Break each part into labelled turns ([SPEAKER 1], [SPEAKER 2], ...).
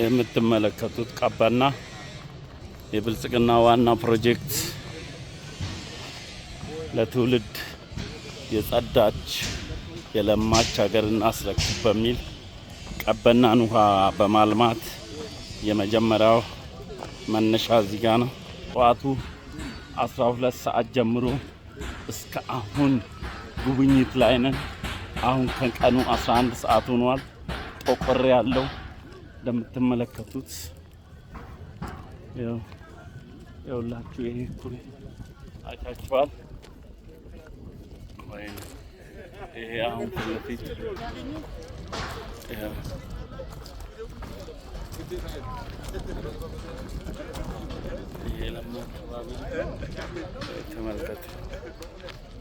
[SPEAKER 1] የምትመለከቱት ቀበና የብልጽግና ዋና ፕሮጀክት ለትውልድ የጸዳች የለማች ሀገር እናስረክብ በሚል ቀበናን ውሃ በማልማት የመጀመሪያው መነሻ እዚህ ጋ ነው። ጠዋቱ 12 ሰዓት ጀምሮ እስከ አሁን ጉብኝት ላይ ነን። አሁን ከቀኑ 11 ሰዓት ሆኗል። ጠቆር ያለው እንደምትመለከቱት የሁላችሁ ይሄ ኩሬ አይታችኋል። ይሄ አሁን ፊት ለፊት የለማ አካባቢ ተመልከቱ።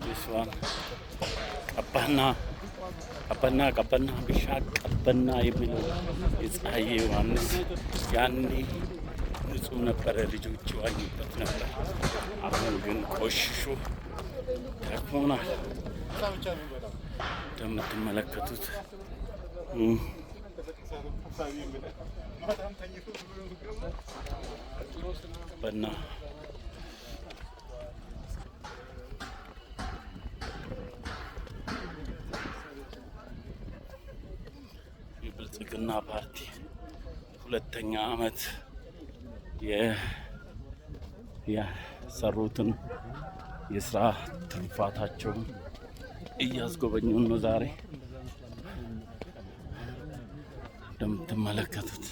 [SPEAKER 1] ይስዋን ቀባና ቀበና ቀበና ብሻ ቀበና የሚለው የፀሐዬ ዮሐንስ ያኔ ንጹህ ነበረ፣ ልጆች ይዋኙበት ነበር። አሁን ግን ቆሽሾ ተክሞናል። እንደምትመለከቱት ቀበና ሁለተኛ ዓመት የሰሩትን የስራ ትሩፋታቸውን እያስጎበኙ ነው ዛሬ እንደምትመለከቱት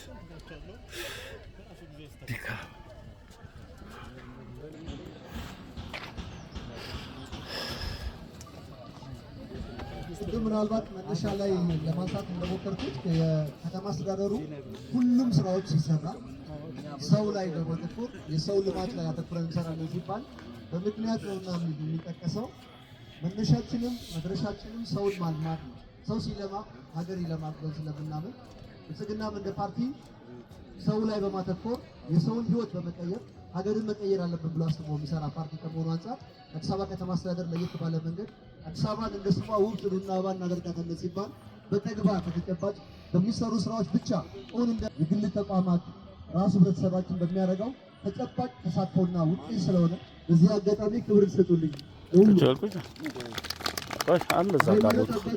[SPEAKER 2] ምናልባት መነሻ ላይ ለማንሳት እንደሞከርኩት የከተማ አስተዳደሩ ሁሉም ስራዎች ሲሰራ ሰው ላይ በማተኮር የሰው ልማት ላይ አተኩረን እንሰራለን ሲባል በምክንያት ነውና የሚጠቀሰው መነሻችንም መድረሻችንም ሰውን ማልማት ነው። ሰው ሲለማ ሀገር ይለማል ብለን ስለምናምን ብልጽግናም እንደ ፓርቲ ሰው ላይ በማተኮር የሰውን ህይወት በመቀየር ሀገርን መቀየር አለብን ብሎ አስቦ የሚሰራ ፓርቲ ከመሆኑ አንጻር አዲስ አበባ ከተማ አስተዳደር ለየት ባለ መንገድ አዲስ አበባን እንደ ስሟ ውብ ጽዱና አበባ እናደርጋታለን ሲባል በተግባር በተጨባጭ በሚሰሩ ስራዎች ብቻ ሆን እንደ የግል ተቋማት ራሱ ህብረተሰባችን በሚያደርገው ተጨባጭ ተሳትፎና ውጤት ስለሆነ በዚህ አጋጣሚ ክብር ትሰጡልኝ። እዚህ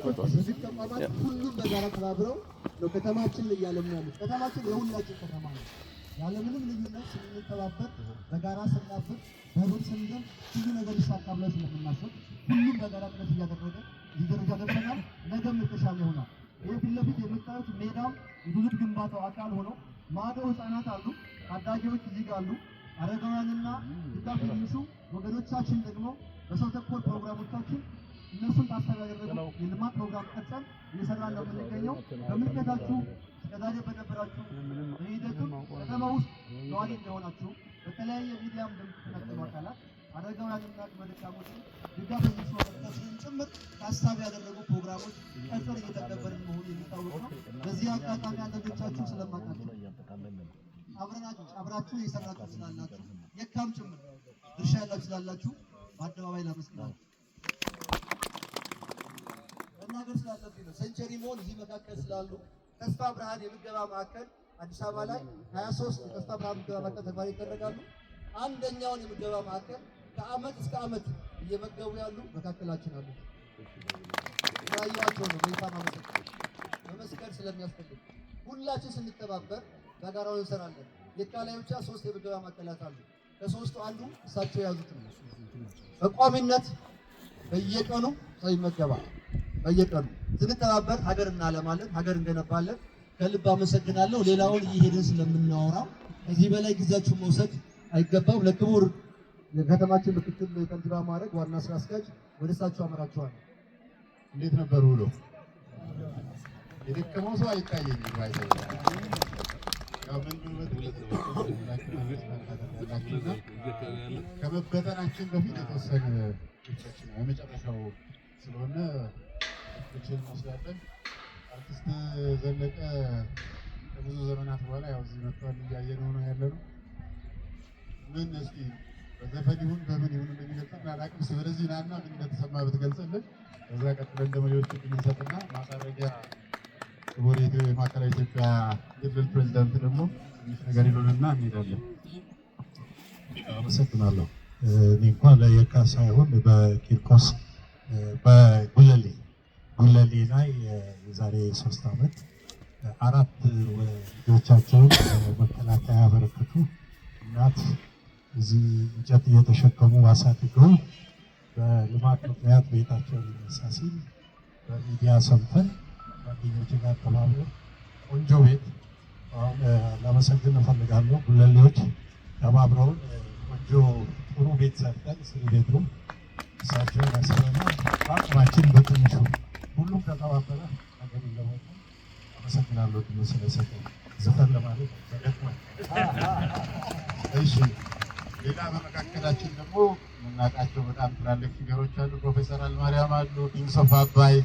[SPEAKER 2] ተቋማት ሁሉም በጋራ ተባብረው ነው ከተማችን እያለምናሉ። ከተማችን የሁላችን ከተማ ነው። ያለምንም ልዩነት ስንተባበር በጋራ ስናፍር በህብር ስንዘም ብዙ ነገር ይሳካል ብለን ስለምናስብ ሁሉም በጋራ ጥረት እያደረገ ደረጃ ደርሰናል። ነገም የተሻለ ይሆናል። ይህ ፊት ለፊት የምታዩት ሜዳም የትውልድ ግንባታው አካል ሆኖ ማዶ ህፃናት አሉ፣ ታዳጊዎች እዚህ ጋር አሉ። አረጋውያንና ድጋፍ የሚሹ ወገኖቻችን ደግሞ በሰው ተኮር ፕሮግራሞቻችን እነሱን ታሳቢ የልማት ፕሮግራም ቀርጸን እየሰራን ነው የምንገኘው። በምልከታችሁ እስከዛሬ በነበራችሁ በሂደቱም ከተማ ውስጥ ነዋሪ እንደሆናችሁ በተለያየ ሚዲያም እንደምትከታተሉ አካላት አረጋውያንና አቅመ ደካሞችን ድጋፍ የሚሰጠውን ጭምር ታሳቢ ያደረጉ ፕሮግራሞች ቀርጸን እየተገበርን መሆኑ የሚታወቅ ነው። በዚህ አጋጣሚ አንዳንዶቻችሁ ስለማታችሁ አብራችሁ የሰራችሁ ስላላችሁ የካም ጭምር ድርሻ ያላችሁ ስላላችሁ በአደባባይ ላመስግናችሁ ማገልገል ስላለብኝ ነው። ሴንቸሪ ሞል እዚህ መካከል ስላሉ ተስፋ ብርሃን የምገባ ማዕከል አዲስ አበባ ላይ 23 ተስፋ ብርሃን የምገባ ማዕከል ተግባር ይደረጋሉ። አንደኛውን የምገባ ማዕከል ከአመት እስከ አመት እየመገቡ ያሉ መካከላችን አሉ። ያዩዋቸው ነው። በይፋ መመስከር ስለሚያስፈልግ ሁላችን ስንተባበር በጋራው እንሰራለን። የካ ላይ ብቻ ሶስት የምገባ ማዕከላት አሉ። ከሶስቱ አንዱ እሳቸው የያዙት ነው። በቋሚነት በየቀኑ ሰው ይመገባል። በየቀኑ ስንተባበር ሀገር እናለማለን፣ ሀገር እንገነባለን። ከልብ አመሰግናለሁ። ሌላውን እየሄድን ስለምናወራ ከዚህ በላይ ጊዜያችሁ መውሰድ አይገባም። ለክቡር የከተማችን ምክትል ከንቲባ ማዕረግ ዋና ስራ አስኪያጅ ወደ እሳቸው አመራችኋል። እንዴት ነበር ውሎ? የደከመው ሰው አይታየኝም። ከመበተናችን በፊት የተወሰነ የመጨረሻው ስለሆነ እችን እንወስዳለን። አርቲስት ዘለቀ ከብዙ ዘመናት በኋላ ያው እዚህ መጥቷል። እያየነው ነው ያለ ነው። ምን እስኪ በዘፈን ይሁን በምን ይሁን እንደሚገልጸን አላውቅም። ስለዚህ ናና ምን እንደተሰማ ብትገልጽልን፣ ከዛ ቀጥለን ደግሞ ሌሎች እንሰጥና ማሳረጊያ ክቡር የማዕከላዊ ኢትዮጵያ ክልል ፕሬዚዳንት ደግሞ ትንሽ ነገር ይሉንና እንሄዳለን። አመሰግናለሁ። እኔ እንኳን ለየካ ሳይሆን በኪርቆስ በጉለሌ ጉለሌ ላይ የዛሬ ሶስት ዓመት አራት ልጆቻቸውን መከላከያ ያበረከቱ እናት እዚህ እንጨት እየተሸከሙ አሳድገው በልማት ምክንያት ቤታቸው ሊነሳ ሲል በሚዲያ ሰምተን ጓደኞች ጋር ተባብሮ ቆንጆ ቤት ለመሰግን እፈልጋለሁ። ጉለሌዎች ተባብረውን ቆንጆ ጥሩ ቤት ሰርተን ስሪ ቤት ነው እሳቸውን ያስበና በአቅማችን በትንሹ ሁሉም ከተባበረ ነገር ይለወጣል። አመሰግናለሁ ድሎ ስለሰጠ ዘፈን ለማለት ተደቅሟል። እሺ፣ ሌላ በመካከላችን ደግሞ የምናውቃቸው በጣም ትላልቅ ፊገሮች አሉ። ፕሮፌሰር አልማርያም አሉ፣ ዩሱፍ አባይ፣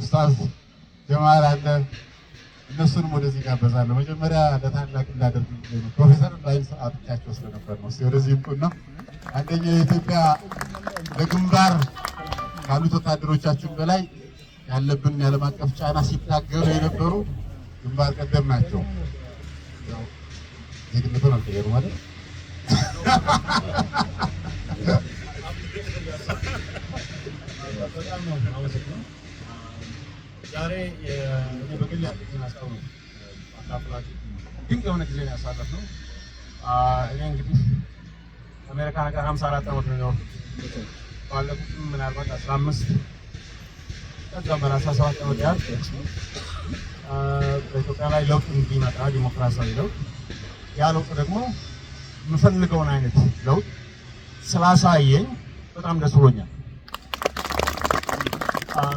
[SPEAKER 2] ኡስታዝ ጀማል አለ። እነሱንም ወደዚህ ጋበዛለሁ። መጀመሪያ ለታላቅ እንዳደርግ ነው ፕሮፌሰር ላይ ሰዓቶቻቸው ስለነበር ነው። ወደዚህ ይምጡና አንደኛ የኢትዮጵያ ለግንባር ካሉት ወታደሮቻችን በላይ ያለብን የዓለም አቀፍ ጫና ሲታገሉ የነበሩ ግንባር ቀደም ናቸው። ዜግነቱን አልቀየሩ ማለት ነው ዛሬ ድንቅ የሆነ ጊዜ ያሳለፍ ነው። እኔ እንግዲህ አሜሪካ ሀገር ሀምሳ አራት ዓመት ነው ባለፉት ምናልባት አስራ አምስት ከዛ በአስራ ሰባት ዓመት ያህል በኢትዮጵያ ላይ ለውጥ እንዲመጣ ዲሞክራሲያዊ ለውጥ ያ ለውጥ ደግሞ የምፈልገውን አይነት ለውጥ ስላሳየኝ በጣም ደስ ብሎኛል።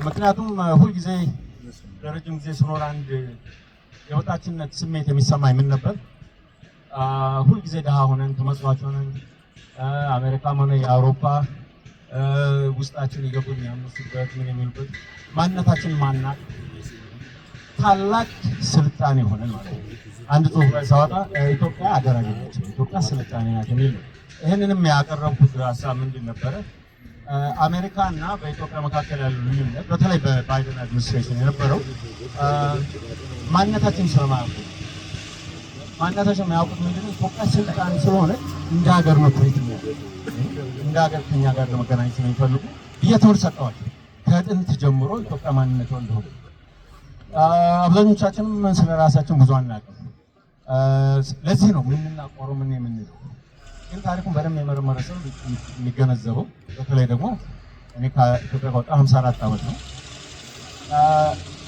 [SPEAKER 2] ምክንያቱም ሁልጊዜ ለረጅም ጊዜ ስኖር አንድ የወጣችነት ስሜት የሚሰማኝ ምን ነበር? ሁልጊዜ ድሃ ሆነን ተመጽዋች ሆነን አሜሪካም ሆነ የአውሮፓ ውስጣችን ይገቡ የሚያምስበት ምን የሚሉበት ማንነታችን ማናቅ ታላቅ ስልጣኔ የሆነ ማለት ነው። አንድ ጽሁፍ ላይ ሳወጣ ኢትዮጵያ አገር አይደለችም፣ ኢትዮጵያ ስልጣኔ ናት የሚል ነው። ይህንንም ያቀረብኩት ሀሳብ ምንድን ነበረ? አሜሪካ እና በኢትዮጵያ መካከል ያሉ ልዩነት በተለይ በባይደን አድሚኒስትሬሽን የነበረው ማንነታችን ስለማያውቁ ማንነታችን የሚያውቁት ምንድነው ኢትዮጵያ ስልጣኔ ስለሆነ እንደ ሀገር ነው ትሪት እንደ ሀገር ከኛ ጋር ለመገናኘት ስለሚፈልጉ ትምህርት ሰጠዋል። ከጥንት ጀምሮ ኢትዮጵያ ማንነቷ እንደሆነ አብዛኞቻችንም ስለ ራሳችን ብዙ አናውቅም። ለዚህ ነው የምንናቆረው ምን የምንለው። ግን ታሪኩን በደንብ የመረመረ ሰው የሚገነዘበው በተለይ ደግሞ እኔ ከኢትዮጵያ ከወጣ 54 ዓመት ነው።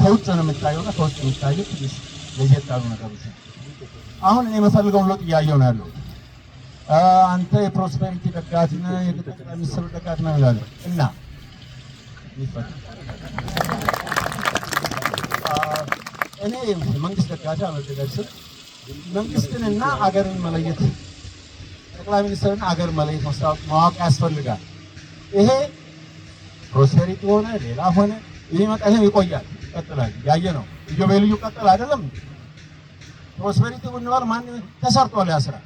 [SPEAKER 2] ከውጭ ነው የሚታየውና ከውጭ የሚታየው ትንሽ ለየት ያሉ ነገሮች አሁን እኔ የምፈልገውን ለውጥ እያየው ነው ያለው አንተ የፕሮስፐሪቲ ደጋፊ ነህ፣ የጠቅላይ ሚኒስትሩ ደጋፊ ነው ይላሉ እና እኔ መንግስት ደጋፊ አመደጋጅ ስል መንግስትንና አገርን መለየት ጠቅላይ ሚኒስትርን አገር መለየት መስራት ማወቅ ያስፈልጋል። ይሄ ፕሮስፐሪቲ ሆነ ሌላ ሆነ ይህ ይሄ ይቆያል፣ ይቀጥላል። ያየ ነው ኢዮቤልዩ ቀጥል አይደለም ፕሮስፐሪቲ ብንባል ማን ተሰርጧል ያስራል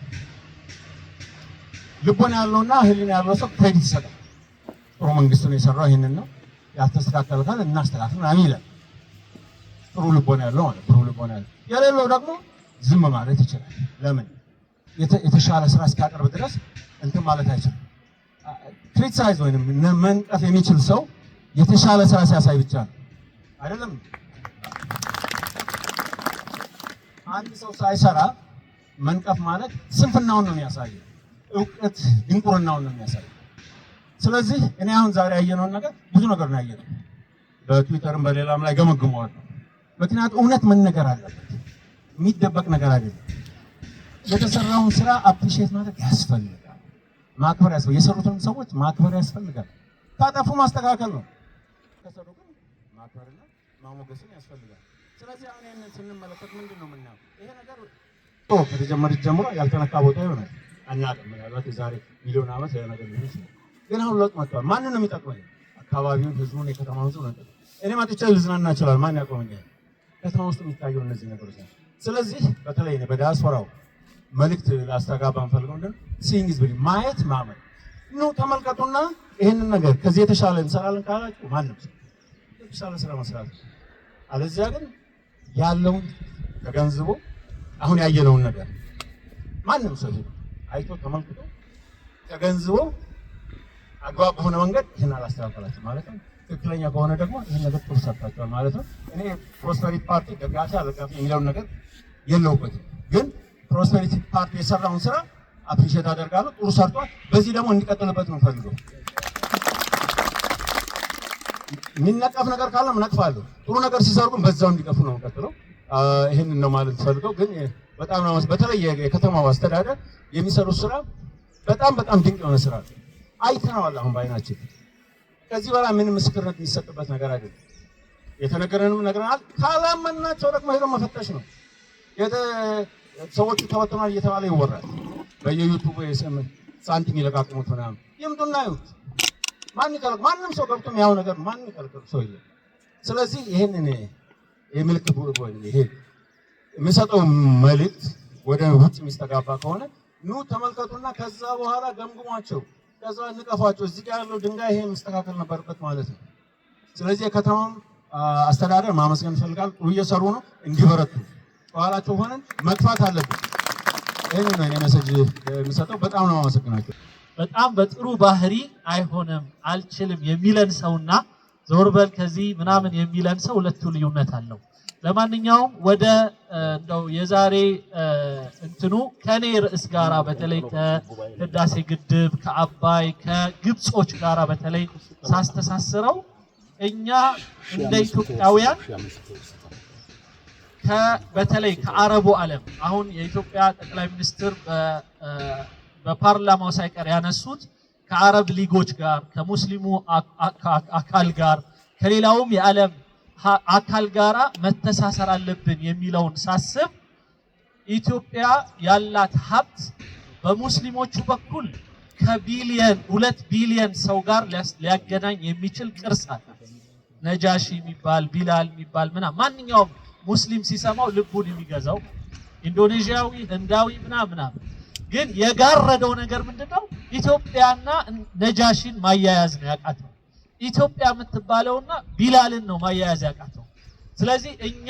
[SPEAKER 2] ልቦና ያለውና ህሊን ያለው ሰው ክሬዲት ይሰጣል። ጥሩ መንግስት ነው የሰራው ይህንን ነው ያስተስተካከለ ካል እናስተካክል ምናምን ይላል። ጥሩ ልቦና ያለው ማለት ጥሩ ልቦና ያለው የሌለው ደግሞ ዝም ማለት ይችላል። ለምን የተሻለ ስራ እስኪያቀርብ ድረስ እንትን ማለት አይችልም። ክሪቲሳይዝ ወይም መንቀፍ የሚችል ሰው የተሻለ ስራ ሲያሳይ ብቻ ነው አይደለም። አንድ ሰው ሳይሰራ መንቀፍ ማለት ስንፍናውን ነው የሚያሳየው። እውቀት ድንቁርናውን ነው የሚያሳይ። ስለዚህ እኔ አሁን ዛሬ ያየነውን ነገር ብዙ ነገር ነው ያየነው። በትዊተርም በሌላም ላይ ገመግመዋል። ምክንያቱም እውነት መነገር አለበት፣ የሚደበቅ ነገር አይደለም። የተሰራውን ስራ አፕሪሼት ማድረግ ያስፈልጋል፣ ማክበር ያስፈልጋል። የሰሩትንም ሰዎች ማክበር ያስፈልጋል። ታጠፉ ማስተካከል ነው፣ ከሰሩ ግን ማክበርና ማሞገስን ያስፈልጋል። ስለዚህ አሁን ይህንን ስንመለከት ምንድን ነው የምናየው? ይሄ ነገር ከተጀመረ ጀምሮ ያልተነካ ቦታ ይሆናል። አናውቅም። ምናልባት የዛሬ ሚሊዮን ዓመት ሌላ ሊሆን ይችላል። ግን አሁን ለውጥ መጥቷል። ማንን ነው የሚጠቅመኝ? አካባቢውን፣ ህዝቡን፣ የከተማ ህዝቡ ነው። እኔ መጥቼ ልዝናና ይችላል። ማን ያቆመኛል? ከተማ ውስጥ የሚታየው እነዚህ ነገሮች ናቸው። ስለዚህ በተለይ በዲያስፖራው መልእክት ላስተጋባ እንፈልገው እንደ ሲንግ ህዝብ ማየት ማመን ኑ ተመልከቱና ይህንን ነገር ከዚህ የተሻለ እንሰራለን ካላችሁ ማንም ሰው የተሻለ ስራ መስራት አለዚያ ግን ያለውን ተገንዝቦ አሁን ያየነውን ነገር ማንም ሰው አይቶ ተመልክቶ ተገንዝቦ አግባብ በሆነ መንገድ ይህን አላስተካከላችሁ ማለት ነው። ትክክለኛ ከሆነ ደግሞ ይህን ነገር ተወሳታቸዋል ማለት ነው። እኔ ፕሮስፐሪቲ ፓርቲ ደጋፊ አልደጋፊ የሚለውን ነገር የለውበትም። ግን ፕሮስፐሪቲ ፓርቲ የሰራውን ስራ አፕሪሼት አደርጋለሁ። ጥሩ ሰርቷል። በዚህ ደግሞ እንዲቀጥልበት ነው ፈልገው የሚነቀፍ ነገር ካለ እነቅፋለሁ። ጥሩ ነገር ሲሰሩ ግን በዛው እንዲቀፉ ነው ቀጥለው። ይህንን ነው ማለት ፈልገው ግን በጣም ነው። በተለየ የከተማው አስተዳደር የሚሰሩት ስራ በጣም በጣም ድንቅ የሆነ ስራ አይተነዋል፣ አሁን በአይናችን። ከዚህ በኋላ ምን ምስክርነት የሚሰጥበት ነገር አይደለም። የተነገረንም ነግረናል። ካላመናቸው ደግሞ ሄዶ መፈተሽ ነው። ሰዎቹ ተበትኗል እየተባለ ይወራል። በየዩቱቡ የስም ሳንቲም ይለቃቅሙት ምናምን ይምጡና ይሁት ማን ይከለክ ማንም ሰው ገብቶም ያው ነገር ማን ይከለክ ሰው የለም። ስለዚህ ይህንን የምልክት ይሄ የምሰጠው መልእክት ወደ ውጭ የሚስተጋባ ከሆነ ኑ ተመልከቱና ከዛ በኋላ ገምግሟቸው፣ ከዛ ንቀፏቸው። እዚህ ጋር ያለው ድንጋይ ይሄ መስተካከል ነበረበት ማለት ነው። ስለዚህ የከተማውን አስተዳደር ማመስገን ይፈልጋል። ጥሩ እየሰሩ ነው፣ እንዲበረቱ ከኋላቸው ሆነን መግፋት አለብን። ይህን ነው እኔ መሰጅ የምሰጠው። በጣም ነው አመሰግናቸው። በጣም በጥሩ ባህሪ አይሆንም አልችልም የሚለን ሰውና ዞር በል ከዚህ ምናምን የሚለን ሰው ሁለቱ ልዩነት አለው። ለማንኛውም ወደ እንደው የዛሬ እንትኑ ከኔ ርዕስ ጋራ በተለይ ከህዳሴ ግድብ ከአባይ ከግብጾች ጋራ በተለይ ሳስተሳስረው እኛ እንደ ኢትዮጵያውያን በተለይ ከአረቡ ዓለም አሁን የኢትዮጵያ ጠቅላይ ሚኒስትር በፓርላማው ሳይቀር ያነሱት ከአረብ ሊጎች ጋር ከሙስሊሙ አካል ጋር ከሌላውም የዓለም አካል ጋራ መተሳሰር አለብን የሚለውን ሳስብ ኢትዮጵያ ያላት ሀብት በሙስሊሞቹ በኩል ከቢሊየን ሁለት ቢሊየን ሰው ጋር ሊያገናኝ የሚችል ቅርስ አለ። ነጃሺ የሚባል ቢላል የሚባል ምናምን ማንኛውም ሙስሊም ሲሰማው ልቡን የሚገዛው ኢንዶኔዥያዊ፣ ህንዳዊ ምናምን ምናምን። ግን የጋረደው ነገር ምንድነው? ኢትዮጵያና ነጃሺን ማያያዝ ነው ያቃተው። ኢትዮጵያ የምትባለውና ቢላልን ነው ማያያዝ ያቃተው። ስለዚህ እኛ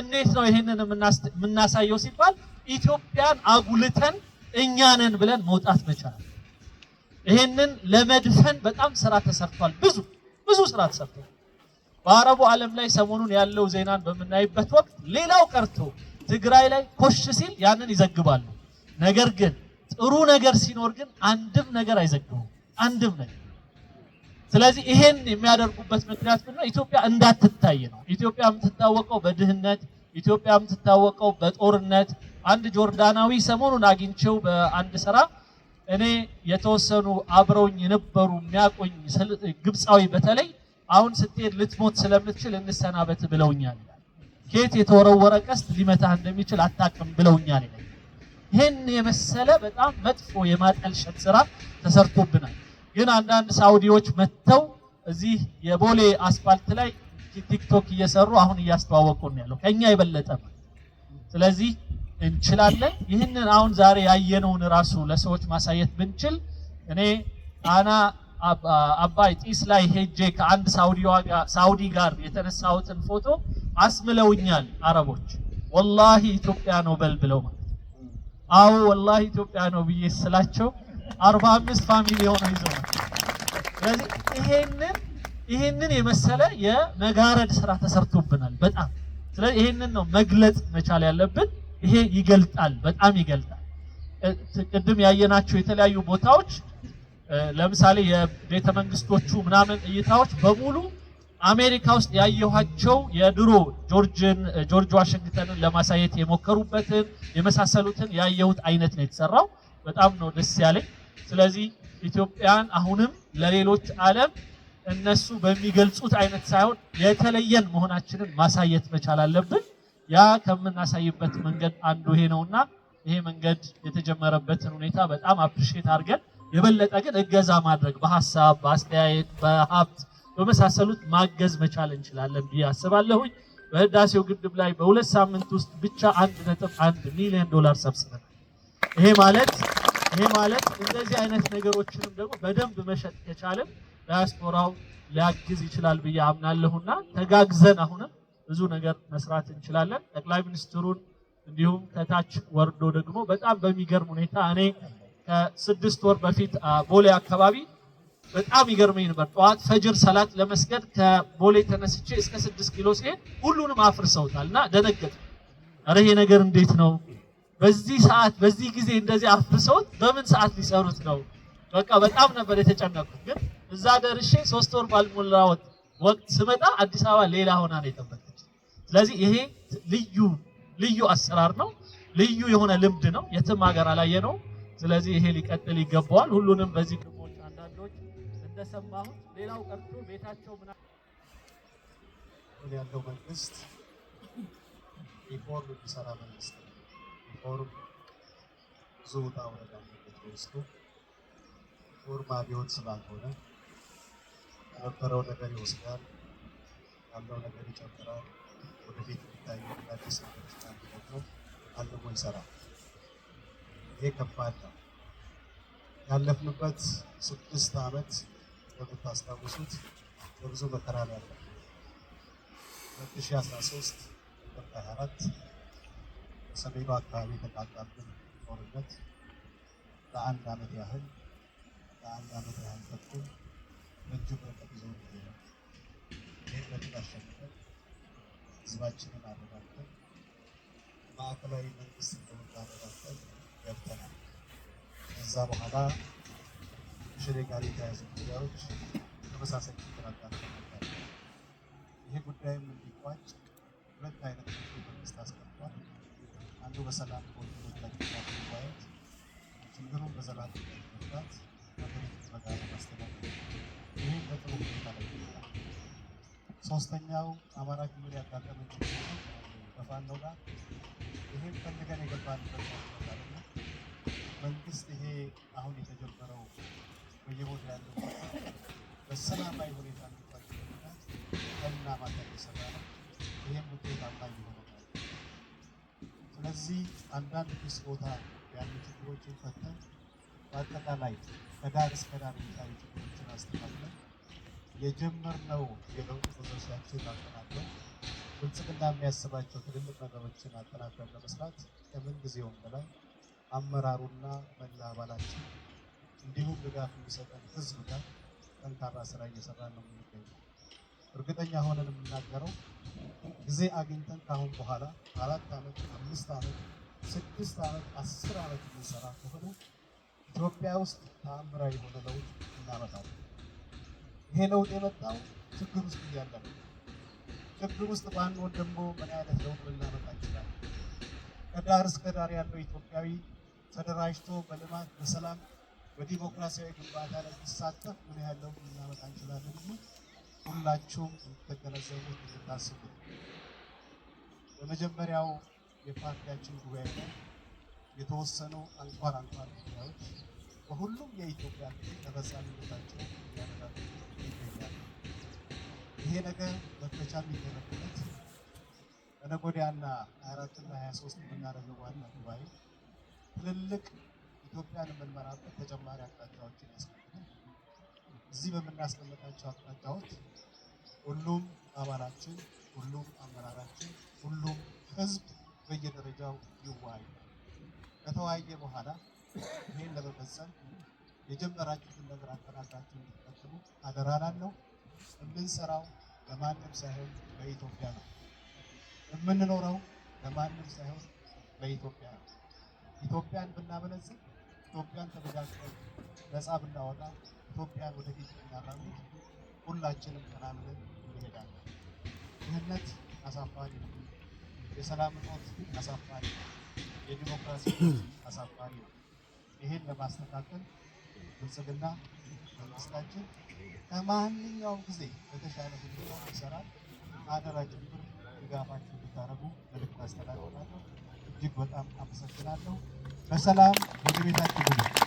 [SPEAKER 2] እንዴት ነው ይሄንን የምናሳየው ሲባል ኢትዮጵያን አጉልተን እኛንን ብለን መውጣት መቻል። ይሄንን ለመድፈን በጣም ስራ ተሰርቷል። ብዙ ብዙ ስራ ተሰርቷል። በአረቡ ዓለም ላይ ሰሞኑን ያለው ዜናን በምናይበት ወቅት ሌላው ቀርቶ ትግራይ ላይ ኮሽ ሲል ያንን ይዘግባሉ። ነገር ግን ጥሩ ነገር ሲኖር ግን አንድም ነገር አይዘግቡም። አንድም ነገር ስለዚህ ይሄን የሚያደርጉበት ምክንያት ምንድነው? ኢትዮጵያ እንዳትታይ ነው። ኢትዮጵያ የምትታወቀው በድህነት፣ ኢትዮጵያ የምትታወቀው በጦርነት። አንድ ጆርዳናዊ ሰሞኑን አግኝቼው በአንድ ስራ እኔ የተወሰኑ አብረውኝ የነበሩ የሚያቆኝ ግብፃዊ በተለይ አሁን ስትሄድ ልትሞት ስለምትችል እንሰናበት ብለውኛል። ከየት የተወረወረ ቀስት ሊመታህ እንደሚችል አታቅም ብለውኛል። ይሄን የመሰለ በጣም መጥፎ የማጠልሸት ስራ ተሰርቶብናል። ግን አንዳንድ ሳውዲዎች መጥተው እዚህ የቦሌ አስፋልት ላይ ቲክቶክ እየሰሩ አሁን እያስተዋወቁን ያለው ከኛ የበለጠ። ስለዚህ እንችላለን። ይህንን አሁን ዛሬ ያየነውን ራሱ ለሰዎች ማሳየት ብንችል እኔ አና አባይ ጢስ ላይ ሄጄ ከአንድ ሳውዲ ጋር የተነሳሁትን ፎቶ አስምለውኛል አረቦች። ወላሂ ኢትዮጵያ ነው በል ብለው ማለት አዎ፣ ወላሂ ኢትዮጵያ ነው ብዬ ስላቸው አርባ አምስት ፋሚሊ የሆነ ይዘዋል። ነው። ስለዚህ ይሄንን ይሄንን የመሰለ የመጋረድ ስራ ተሰርቶብናል በጣም ስለዚህ ይሄንን ነው መግለጽ መቻል ያለብን። ይሄ ይገልጣል፣ በጣም ይገልጣል። ቅድም ያየናቸው የተለያዩ ቦታዎች ለምሳሌ የቤተ መንግስቶቹ ምናምን እይታዎች በሙሉ አሜሪካ ውስጥ ያየኋቸው የድሮ ጆርጅን ጆርጅ ዋሽንግተንን ለማሳየት የሞከሩበትን የመሳሰሉትን ያየሁት አይነት ነው የተሰራው። በጣም ነው ደስ ያለኝ። ስለዚህ ኢትዮጵያን አሁንም ለሌሎች ዓለም እነሱ በሚገልጹት አይነት ሳይሆን የተለየን መሆናችንን ማሳየት መቻል አለብን። ያ ከምናሳይበት መንገድ አንዱ ይሄ ነውና ይሄ መንገድ የተጀመረበትን ሁኔታ በጣም አፕሪሼት አድርገን የበለጠ ግን እገዛ ማድረግ በሀሳብ፣ በአስተያየት፣ በሀብት በመሳሰሉት ማገዝ መቻል እንችላለን ብዬ አስባለሁኝ። በህዳሴው ግድብ ላይ በሁለት ሳምንት ውስጥ ብቻ አንድ ነጥብ አንድ ሚሊዮን ዶላር ሰብስበናል። ይሄ ማለት ይሄ ማለት እንደዚህ አይነት ነገሮችንም ደግሞ በደንብ መሸጥ የቻለን ዳያስፖራው ሊያግዝ ይችላል ብዬ አምናለሁና ተጋግዘን አሁንም ብዙ ነገር መስራት እንችላለን። ጠቅላይ ሚኒስትሩን እንዲሁም ከታች ወርዶ ደግሞ በጣም በሚገርም ሁኔታ እኔ ከስድስት ወር በፊት ቦሌ አካባቢ በጣም ይገርመኝ ነበር። ጠዋት ፈጅር ሰላት ለመስገድ ከቦሌ ተነስቼ እስከ ስድስት ኪሎ ሲሄድ ሁሉንም አፍርሰውታል እና ደነገጥ። ኧረ ይሄ ነገር እንዴት ነው በዚህ ሰዓት በዚህ ጊዜ እንደዚህ አፍርሰውት በምን ሰዓት ሊሰሩት ነው? በቃ በጣም ነበር የተጨነቁት። ግን እዛ ደርሼ ሶስት ወር ባልሞላ ወቅት ስመጣ አዲስ አበባ ሌላ ሆና ነው የጠበቀች። ስለዚህ ይሄ ልዩ ልዩ አሰራር ነው፣ ልዩ የሆነ ልምድ ነው፣ የትም ሀገር አላየ ነው። ስለዚህ ይሄ ሊቀጥል ይገባዋል። ሁሉንም በዚህ ግቦች አንዳንዶች እንደሰማሁት ሌላው ቀርቶ ቤታቸው ምና
[SPEAKER 3] ያለው መንግስት ሪፎርም የሚሰራ መንግስት ፎርም ብዙ ውጣ ውረድ አለበት። በውስጡ ፎርም አብዮት ስላልሆነ የነበረው ነገር ይወስዳል፣ ያለው ነገር ይጨምራል። ወደፊት የሚታዩ አዲስ ነገሮች ካሉ ደግሞ አልሞ ይሰራል። ይሄ ከባድ ነው። ያለፍንበት ስድስት ዓመት እንደምታስታውሱት በብዙ መከራ ያለ 2013 24 ሰሜኑ አካባቢ የተቃጣብን ጦርነት ለአንድ ዓመት ያህል ለአንድ ዓመት ያህል ተኩል በእጅጉ ይዘው ይሄዳል። ይህን በድል አሸንፈን ህዝባችንን አረጋግጠን ማዕከላዊ መንግስት እንደሆነ አረጋግጠን ገብተናል። ከዛ በኋላ ሽሬ ጋር የተያዙ ጉዳዮች ተመሳሳይ ችግር አጋጥመናል። ይህ ጉዳይም እንዲቋጭ ሁለት አይነት መንግስት አስቀምጧል። አንዱ በሰላም ችግሩ ለጥፋት ጉባኤት ችግሩን በዘላቂ መፍታት ሀገሪቱን በጋራ ማስተዳደር ይህ በጥሩ ሁኔታ ላይ ይገኛል። ሶስተኛው አማራ ክልል ያጋጠመ ችግር በፋኖ ጋር ይህም ፈልገን የገባንበት ማለትና መንግስት ይሄ አሁን የተጀመረው በየቦታ ያለው በሰላማዊ ሁኔታ እንዲፋ እና ማታ የሰራ ነው። ይህም ውጤታማ የሆነው ስለዚህ አንዳንድ ክስ ቦታ ያሉ ችግሮችን ፈተን በአጠቃላይ ከዳር እስከ ዳር የሚታዩ ችግሮችን አስተካክለን የጀመርነው የለውጥ ፕሮሰሳችን አጠናክረን ብልጽግና የሚያስባቸው ትልልቅ ነገሮችን አጠናክረን ለመስራት ጊዜውም በላይ አመራሩና መላ አባላችን እንዲሁም ድጋፍ የሚሰጠን ህዝብ ጋር ጠንካራ ስራ እየሰራ ነው የምንገኘው። እርግጠኛ ሆነን የምናገረው ጊዜ አግኝተን ከአሁን በኋላ አራት ዓመት፣ አምስት ዓመት፣ ስድስት ዓመት፣ አስር ዓመት የሚሰራ ከሆነ ኢትዮጵያ ውስጥ ተአምራዊ የሆነ ለውጥ እናመጣለን። ይሄ ለውጥ የመጣው ችግር ውስጥ እያለ ነው። ችግር ውስጥ ባንሆን ደግሞ ምን አይነት ለውጥ ልናመጣ ይችላል? ከዳር እስከ ዳር ያለው ኢትዮጵያዊ ተደራጅቶ በልማት በሰላም በዲሞክራሲያዊ ግንባታ ላይ ሲሳተፍ ምን ያህል ለውጥ ልናመጣ እንችላለን? ሁላችሁም እንድትገነዘቡት እንድታስቡ በመጀመሪያው የፓርቲያችን ጉባኤ ላይ የተወሰኑ አንኳር አንኳር ጉዳዮች በሁሉም የኢትዮጵያ ክፍል ተፈጻሚነታቸው እያረጋገጡ ይገኛሉ። ይሄ ነገር መፈቻ የሚደረግበት በነገ ወዲያና 24ና 23 የምናደርገው ዋና ጉባኤ ትልልቅ ኢትዮጵያን የምንመራበት ተጨማሪ አቅጣጫዎችን ያስቀምጣል። እዚህ በምናስቀምጣቸው አቅጣጫዎች ሁሉም አባላችን፣ ሁሉም አመራራችን፣ ሁሉም ህዝብ በየደረጃው ይዋይ። ከተወያየ በኋላ ይህን ለመፈጸም የጀመራችሁትን ነገር አጠናክራችሁ እንድትቀጥሉ አደራ ነው የምንሰራው ለማንም ሳይሆን በኢትዮጵያ ነው። የምንኖረው ለማንም ሳይሆን በኢትዮጵያ ነው። ኢትዮጵያን ብናበለጽግ ኢትዮጵያን ተነጋግረን ነፃ ብናወጣ ኢትዮጵያን ወደፊት ብናራምድ ሁላችንም ተናምለን እንሄዳለን። ድህነት አሳፋሪ ነው። የሰላም እጦት አሳፋሪ ነው። የዲሞክራሲ አሳፋሪ ነው። ይሄን ለማስተካከል ብልጽግና መንግስታችን ከማንኛውም ጊዜ በተሻለ ሁኔታ ይሰራል። አደራ ጭምር ድጋፋችሁ እንድታደርጉ መልዕክት አስተላልፋለሁ። እጅግ በጣም አመሰግናለሁ። በሰላም ወደ ቤታችሁ